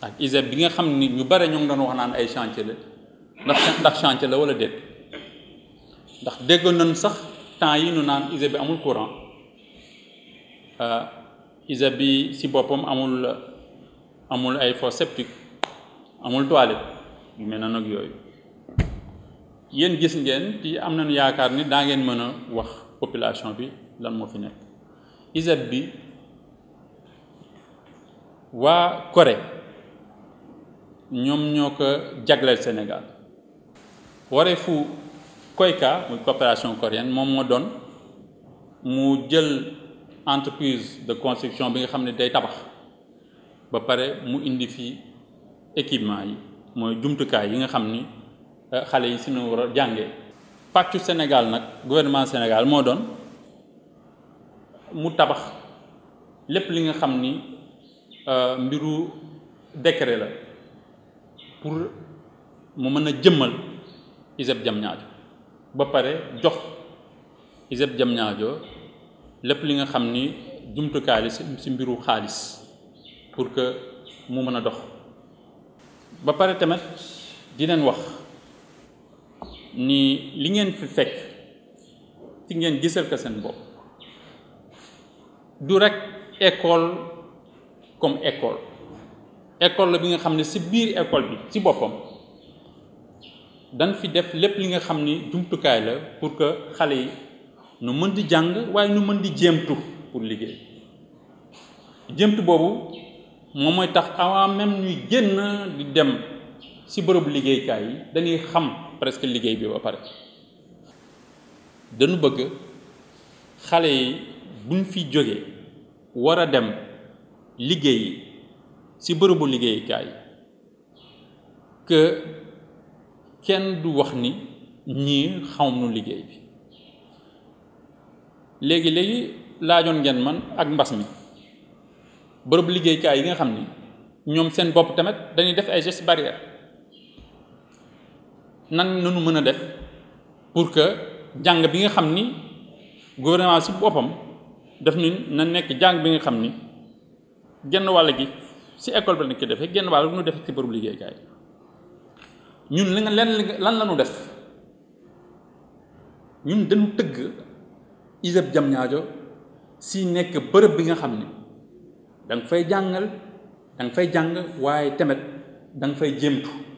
ak ISEP bi nga xam ni ñu bare ñu ngi doon wax naan ay chantier la ndax ndax chantier la wala déet ndax déggoon nañ sax temps yi nu naan ISEP bi amul courant euh, ISEP bi si boppam amul amul ay fosse septique amul toilette yu mel na ak yooyu yéen gis ngeen ci am nañu yaakaar ni daa ngeen mën a wax population bi lan moo fi nekk ISEP bi waa kore ñoom ñoo ko jagleel Sénégal wareefu COICA muy coopération coréenne moom moo doon mu jël entreprise de construction bi nga xam ne day tabax ba pare mu indi fi équipement yi mooy jumtukaay yi nga xam ni euh, xale yi si ñu war a jàngee. pàccu Sénégal nag gouvernement Sénégal moo doon mu tabax lépp li nga xam ni euh, mbiru décret la. pour mu mën a jëmmal ISEP Diamniadio ba pare jox ISEP Diamniadio lépp li nga xam ni jumtukaay la si mbiru xaalis pour que mu mën a dox ba pare tamit di leen wax nii li ngeen fi fekk ci ngeen gisal ko seen bopp du rekk école comme école école la bi nga xam ci biir école bi ci bopam dañ fi def lepp li nga xam jumtu kay la pour que xalé yi nu mën di jang way nu mën di jéemtu pour liggéey jéemtu bobu moom mooy tax avant même ñuy genn di dem si bërëbu liggéeykaay yi dañuy xam presque liggéey bi ba paré dañu bëgg xalé yi buñ fi joggé wara dem liggéey si liggey kay ke kenn du wax ni ñi xawnu liggey bi legi legi lajon ngeen man ak mbass mi liggey kay yi nga xamni ni seen bop tamet dañuy def ay gestes barrières nan nunu mëna def pour que jang bi nga xamni ni gouvernement ci bopam def ni na nek jang bi nga xamni genn wàll gi si école bi lañ ko defee genn wàll nu def ci liggéey gaay ñun li nga len lan lañu def ñun dañu tëgg isab jam ñaajo si nek bërepp bi nga xamni dang fay jangal dang fay jang waye temet dang fay jëmtu